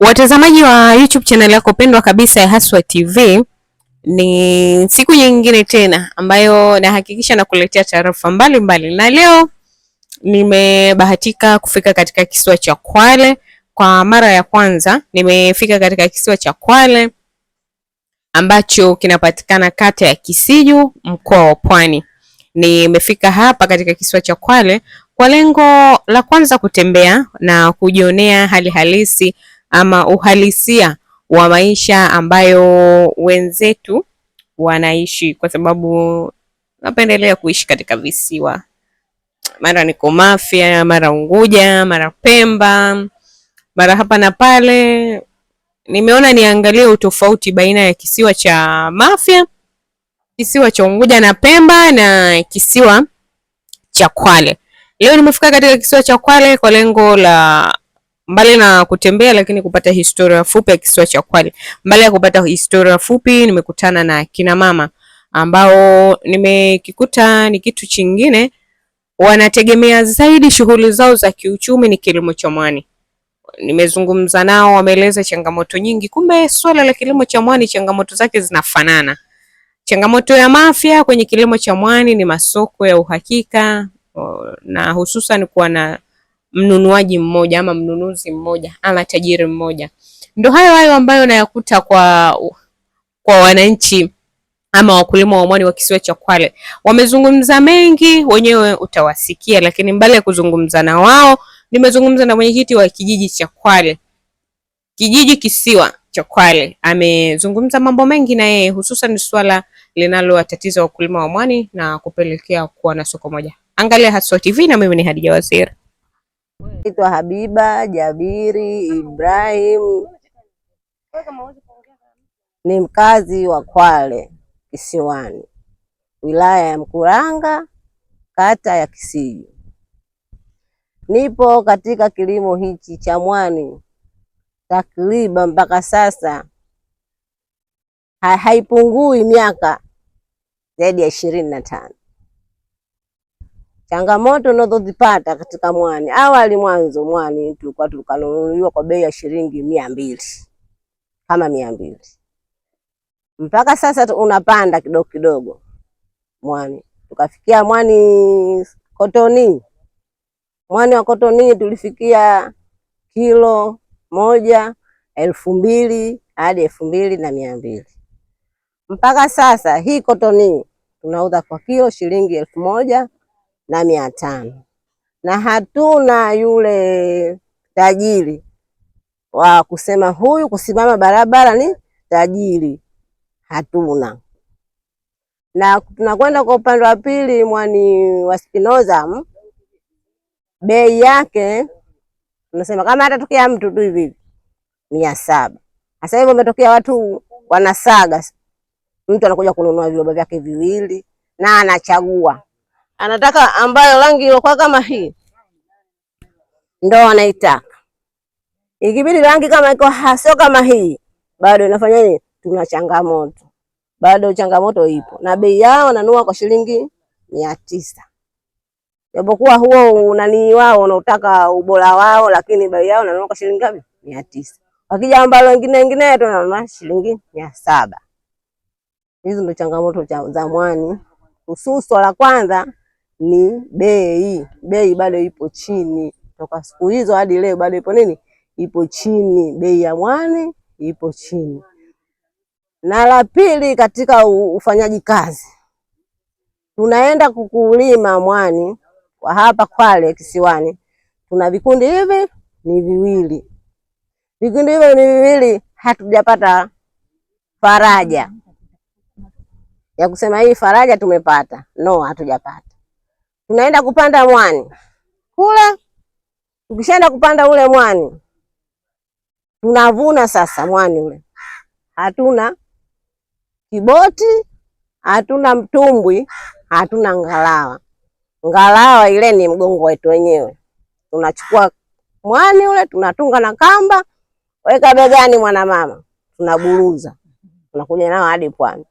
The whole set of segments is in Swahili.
Watazamaji wa YouTube channel yako pendwa kabisa ya Haswa TV, ni siku nyingine tena ambayo nahakikisha nakuletea taarifa mbalimbali, na leo nimebahatika kufika katika kisiwa cha Kwale. Kwa mara ya kwanza nimefika katika kisiwa cha Kwale ambacho kinapatikana kata ya Kisiju, mkoa wa Pwani. Nimefika hapa katika kisiwa cha Kwale kwa lengo la kwanza kutembea na kujionea hali halisi ama uhalisia wa maisha ambayo wenzetu wanaishi, kwa sababu napendelea kuishi katika visiwa, mara niko Mafia, mara Unguja, mara Pemba, mara hapa na pale. Nimeona niangalie utofauti baina ya kisiwa cha Mafia, kisiwa cha Unguja na Pemba na kisiwa cha Kwale. Leo nimefika katika kisiwa cha Kwale kwa lengo la mbali na kutembea lakini kupata historia fupi ya kisiwa cha Kwale. Mbali ya kupata historia fupi, nimekutana na kina mama ambao nimekikuta ni kitu chingine, wanategemea zaidi shughuli zao za kiuchumi ni kilimo cha mwani. Nimezungumza nao, wameeleza changamoto nyingi. Kumbe swala la kilimo cha mwani changamoto zake zinafanana. Changamoto ya Mafia kwenye kilimo cha mwani ni masoko ya uhakika na hususan kuwa na mnunuaji mmoja ama mnunuzi mmoja ama tajiri mmoja. Ndo hayo hayo ambayo nayakuta kwa, kwa wananchi ama wakulima wa mwani wa kisiwa cha Kwale. Wamezungumza mengi, wenyewe utawasikia, lakini mbali ya kuzungumza na wao, nimezungumza na mwenyekiti wa kijiji cha Kwale, kijiji kisiwa cha Kwale. Amezungumza mambo mengi na yeye, hususan swala linalowatatiza wakulima wa mwani na kupelekea kuwa na soko moja. Angalia Haswa TV na mimi ni Hadija Waziri. Naitwa Habiba Jabiri Ibrahim, ni mkazi wa Kwale Kisiwani, wilaya ya Mkuranga, kata ya Kisiju. Nipo katika kilimo hichi cha mwani takriban mpaka sasa ha haipungui miaka zaidi ya ishirini na tano changamoto unazozipata katika mwani. Awali mwanzo mwani tulikuwa tukanunuliwa kwa bei ya shilingi mia mbili kama mia mbili mpaka sasa unapanda kidogo kidogo mwani, tukafikia mwani kotoni, mwani wa kotoni tulifikia kilo moja elfu mbili hadi elfu mbili na mia mbili mpaka sasa. Hii kotoni tunauza kwa kilo shilingi elfu moja na mia tano na hatuna yule tajiri wa kusema huyu kusimama barabara ni tajiri, hatuna. Na tunakwenda kwa upande wa pili, mwani wa Spinoza, bei yake tunasema kama atatokea mtu tu hivi mia saba. Sasa hivyo umetokea watu wanasaga, mtu anakuja kununua viroba vyake viwili na anachagua anataka ambayo rangi iliyokuwa kama hii ndo anaitaka. Ikibidi rangi kama iko hasio kama hii, bado inafanya nini? Tuna changamoto bado, changamoto ipo, na bei yao wananua kwa shilingi mia tisa japokuwa huo unani wao unaotaka ubora wao, lakini bei yao nanunua kwa shilingi ngapi? mia tisa. Wakija ambalo wengine wengine tu nanunua shilingi mia saba. Hizi ndo changamoto za mwani, hususu la kwanza ni bei. Bei bado ipo chini toka siku hizo hadi leo, bado ipo nini, ipo chini. Bei ya mwani ipo chini. Na la pili, katika ufanyaji kazi, tunaenda kukulima mwani kwa hapa Kwale kisiwani, tuna vikundi hivi ni viwili, vikundi hivi ni viwili, hatujapata faraja ya kusema hii faraja tumepata, no, hatujapata tunaenda kupanda mwani kule. Tukishaenda kupanda ule mwani, tunavuna sasa mwani ule. Hatuna kiboti, hatuna mtumbwi, hatuna ngalawa. Ngalawa ile ni mgongo wetu wenyewe. Tunachukua mwani ule, tunatunga na kamba, weka begani mwanamama, tunaburuza, tunakuja nao hadi pwani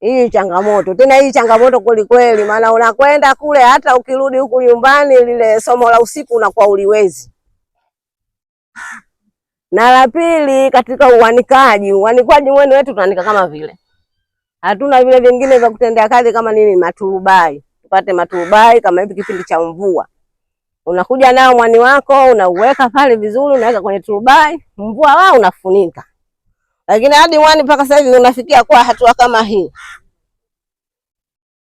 hii changamoto tena, hii changamoto kweli, maana unakwenda kule, hata ukirudi huku nyumbani, lile somo la usiku unakuwa uliwezi. Na la pili, katika uanikaji, uanikaji mwenu wetu tunanika kama vile hatuna vile vingine vya kutendea kazi kama nini, maturubai tupate maturubai. Kama hivi kipindi cha mvua, unakuja nao mwani wako unauweka pale vizuri, unaweka kwenye turubai, mvua wao unafunika lakini hadi wani mpaka sasa hivi unafikia kwa hatua kama hii,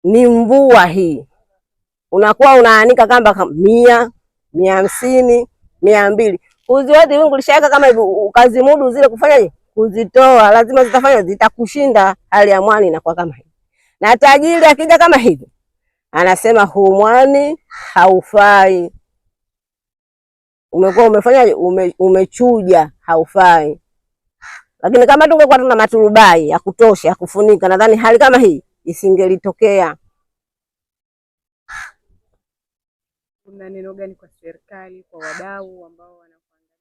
ni mvua hii, unakuwa unaanika kamba mia mia hamsini mia mbili uzi wote wingu lishaweka kama hivi, ukazi mudu zile kufanyaje kuzitoa, lazima zitafanya zitakushinda. Hali ya mwani inakuwa kama hivi, na tajiri akija kama hivi anasema huu mwani haufai, umekuwa umefanyaje, ume, umechuja haufai lakini kama tungekuwa tuna maturubai ya kutosha ya kufunika, nadhani hali kama hii isingelitokea. Kuna neno gani kwa serikali, kwa wadau ambao wanakuangalia?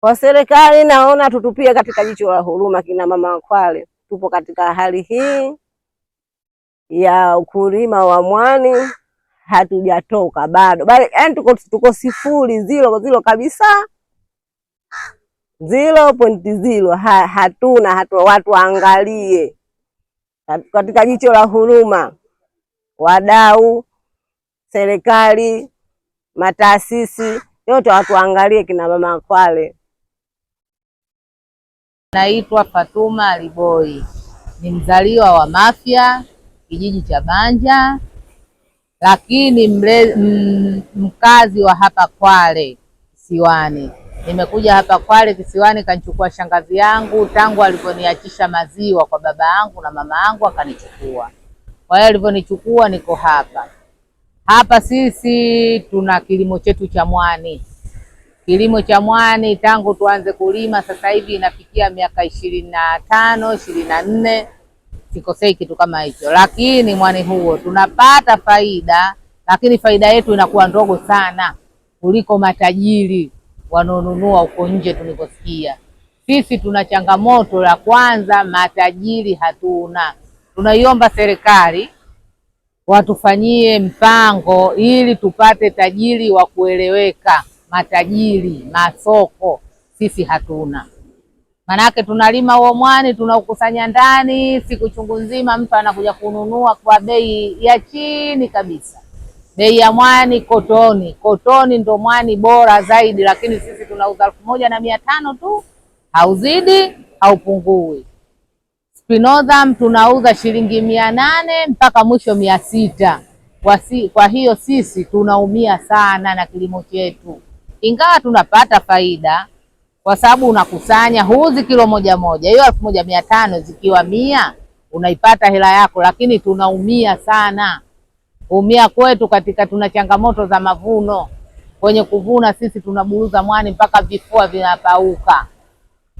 Kwa serikali naona tutupie katika jicho la huruma, kina mama wakwale Tupo katika hali hii ya ukulima wa mwani hatujatoka bado, bali yani tuko, tuko sifuri zilo zilo kabisa zero pointi zero ha, hatuna hatu, watu waangalie katika jicho la huruma, wadau, serikali, mataasisi yote, watu waangalie kina mama Kwale. Naitwa Fatuma Aliboi, ni mzaliwa wa Mafia, kijiji cha Banja, lakini mle, m, mkazi wa hapa Kwale Siwani. Nimekuja hapa Kwale Kisiwani, kanichukua shangazi yangu tangu alivyoniachisha maziwa kwa baba yangu na mama yangu akanichukua. Kwa hiyo alivyonichukua niko hapa. Hapa sisi tuna kilimo chetu cha mwani. Kilimo cha mwani tangu tuanze kulima sasa hivi inafikia miaka ishirini na tano ishirini na nne sikosei kitu kama hicho, lakini mwani huo tunapata faida, lakini faida yetu inakuwa ndogo sana kuliko matajiri wanaonunua huko nje tulivyosikia. Sisi tuna changamoto la kwanza, matajiri hatuna. Tunaiomba serikali watufanyie mpango ili tupate tajiri wa kueleweka, matajiri masoko sisi hatuna. Manake tunalima huo mwani tunaukusanya ndani, siku chungu nzima mtu anakuja kununua kwa bei ya chini kabisa bei ya mwani kotoni. Kotoni ndo mwani bora zaidi, lakini sisi tunauza elfu moja na mia tano tu, hauzidi haupungui. Spinozam tunauza shilingi mia nane mpaka mwisho mia sita. Kwa hiyo sisi tunaumia sana na kilimo chetu, ingawa tunapata faida kwa sababu unakusanya, huuzi kilo moja moja, hiyo elfu moja mia tano zikiwa mia unaipata hela yako, lakini tunaumia sana umia kwetu katika tuna changamoto za mavuno. Kwenye kuvuna sisi tunaburuza mwani mpaka vifua vinapauka,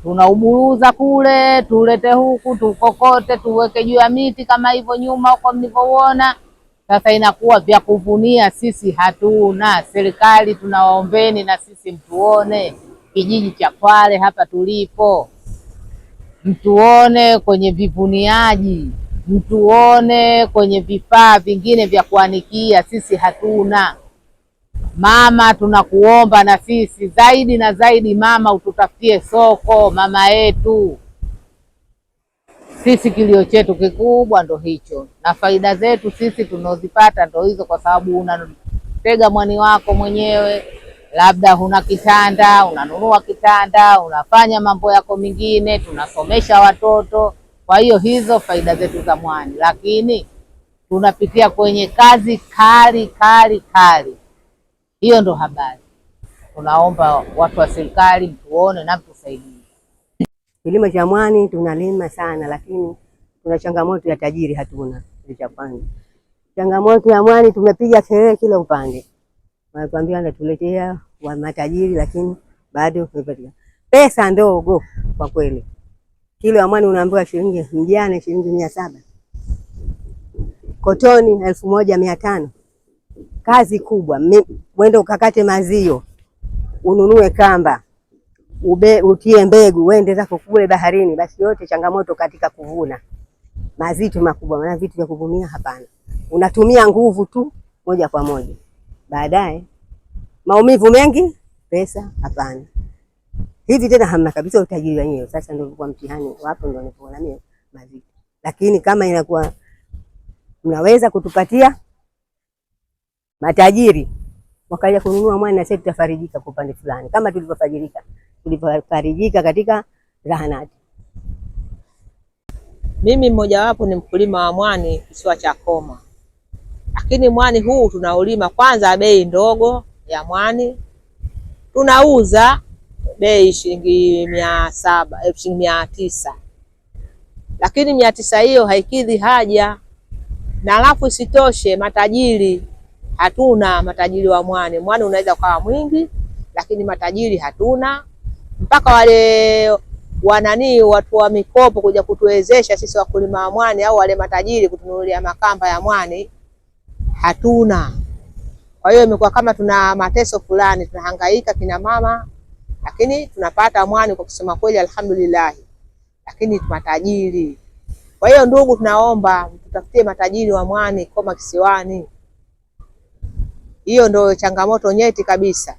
tunauburuza kule, tulete huku, tukokote, tuweke juu ya miti kama hivyo nyuma huko mlivyoona. Sasa inakuwa vya kuvunia sisi hatuna. Serikali tunawaombeni na sisi mtuone, kijiji cha Kwale hapa tulipo, mtuone kwenye vivuniaji mtuone kwenye vifaa vingine vya kuanikia, sisi hatuna. Mama, tunakuomba na sisi zaidi na zaidi, mama, ututafutie soko, mama yetu. Sisi kilio chetu kikubwa ndo hicho, na faida zetu sisi tunaozipata ndo hizo, kwa sababu unatega mwani wako mwenyewe, labda huna kitanda, unanunua kitanda, unafanya mambo yako mengine, tunasomesha watoto kwa hiyo hizo faida zetu za mwani, lakini tunapitia kwenye kazi kali kali kali. Hiyo ndo habari. Tunaomba watu wa serikali mtuone na mtusaidie. Kilimo cha mwani tunalima sana, lakini tuna changamoto ya tajiri, hatuna cha kwanza. Changamoto ya mwani tumepiga kelele kila upande, wanakuambia anatuletea wa matajiri, lakini bado pesa ndogo kwa kweli kilo ya mwani unaambiwa shilingi mjane shilingi mia saba, kotoni elfu moja mia tano. Kazi kubwa. Wende ukakate mazio, ununue kamba, ube utie mbegu, wende zako kule baharini. Basi yote changamoto katika kuvuna mazito makubwa, maana vitu vya kuvunia hapana, unatumia nguvu tu moja kwa moja, baadaye maumivu mengi, pesa hapana hivi tena hamna kabisa utajiri wenyewe. Sasa ndio kwa mtihani wapo, ndio nilipoona mimi maziki, lakini kama inakuwa mnaweza kutupatia matajiri wakaja kununua mwana, na sisi tutafarijika kwa upande fulani, kama tulivyofarijika tulivyofarijika katika zahanati. Mimi mmojawapo ni mkulima wa mwani kisiwa cha Koma, lakini mwani huu tunaulima, kwanza bei ndogo ya mwani tunauza bei shilingi mia saba shilingi mia tisa lakini mia tisa hiyo haikidhi haja, na alafu isitoshe matajiri hatuna, matajiri wa mwani. Mwani unaweza ukawa mwingi, lakini matajiri hatuna, mpaka wale wananii watu wa mikopo kuja kutuwezesha sisi wakulima wa mwani au wale matajiri kutunulia makamba ya mwani hatuna. Kwa hiyo imekuwa kama tuna mateso fulani, tunahangaika kina mama lakini tunapata mwani kwa kusema kweli, alhamdulillah, lakini matajiri. Kwa hiyo ndugu, tunaomba tutafutie matajiri wa mwani Koma Kisiwani. Hiyo ndio changamoto nyeti kabisa.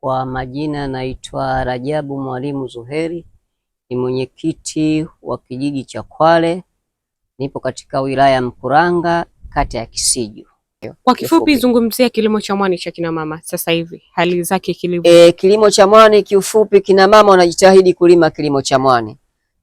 Kwa majina naitwa Rajabu Mwalimu Zuheri, ni mwenyekiti wa kijiji cha Kwale, nipo katika wilaya ya Mkuranga, kata ya Kisiju. Kwa kifupi, zungumzia kilimo cha mwani cha kina mama sasa hivi, hali zake kilimo. E, eh, kilimo cha mwani kiufupi, kina mama wanajitahidi kulima kilimo cha mwani,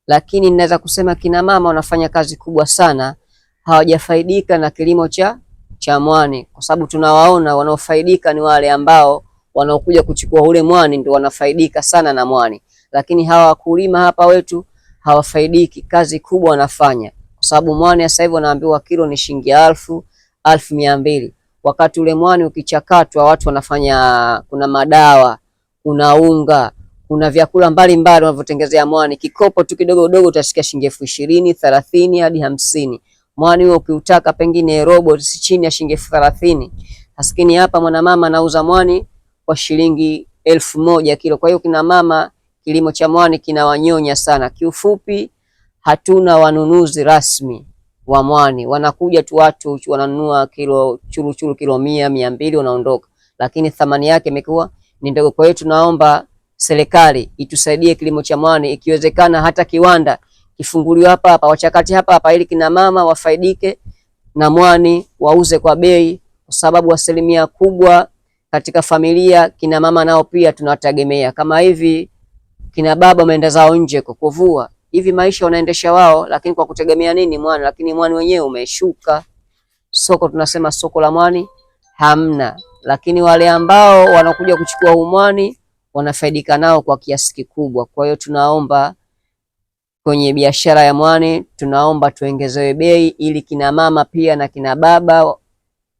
lakini ninaweza kusema kina mama wanafanya kazi kubwa sana, hawajafaidika na kilimo cha cha mwani, kwa sababu tunawaona wanaofaidika ni wale ambao wanaokuja kuchukua ule mwani, ndio wanafaidika sana na mwani, lakini hawa wakulima hapa wetu hawafaidiki. Kazi kubwa wanafanya, kwa sababu mwani sasa hivi wanaambiwa kilo ni shilingi elfu elfu mia mbili. Wakati ule mwani ukichakatwa, watu wanafanya, kuna madawa, kuna unga, kuna vyakula mbalimbali wanavyotengenezea mwani. Kikopo tu kidogo kidogo utashika shilingi elfu ishirini, thelathini hadi hamsini. Mwani huo ukiutaka pengine robo si chini ya shilingi elfu thelathini. Maskini hapa mwanamama anauza mwani kwa shilingi elfu moja kilo. Kwa hiyo kina mama, kilimo cha mwani kinawanyonya sana. Kiufupi, hatuna wanunuzi rasmi wa mwani. Wanakuja tu watu wananunua kilo churu churu kilo mia mia mbili wanaondoka, lakini thamani yake imekuwa ni ndogo. Kwa hiyo tunaomba serikali itusaidie kilimo cha mwani, ikiwezekana hata kiwanda kifunguliwe hapa hapa, wachakati hapa hapa, ili kina mama wafaidike na mwani, wauze kwa bei, kwa sababu asilimia kubwa katika familia kina mama nao pia tunawategemea. Kama hivi kina baba wameenda zao nje kwa kuvua hivi maisha wanaendesha wao, lakini kwa kutegemea nini mwani? Lakini mwani wenyewe umeshuka, soko tunasema soko la mwani hamna, lakini wale ambao wanakuja kuchukua umwani mwani wanafaidika nao kwa kiasi kikubwa. Kwa hiyo tunaomba kwenye biashara ya mwani, tunaomba tuongezewe bei ili kina mama pia na kina baba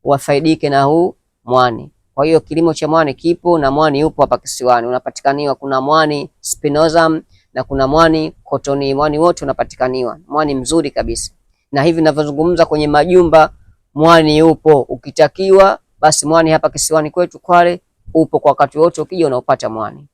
wafaidike na huu mwani. Kwa hiyo kilimo cha mwani kipo na mwani upo hapa kisiwani, unapatikaniwa. Kuna mwani spinosam na kuna mwani kotoni, mwani wote unapatikaniwa, mwani mzuri kabisa. Na hivi ninavyozungumza kwenye majumba mwani upo, ukitakiwa basi mwani hapa kisiwani kwetu Kwale upo kwa wakati wote, ukija unaopata mwani.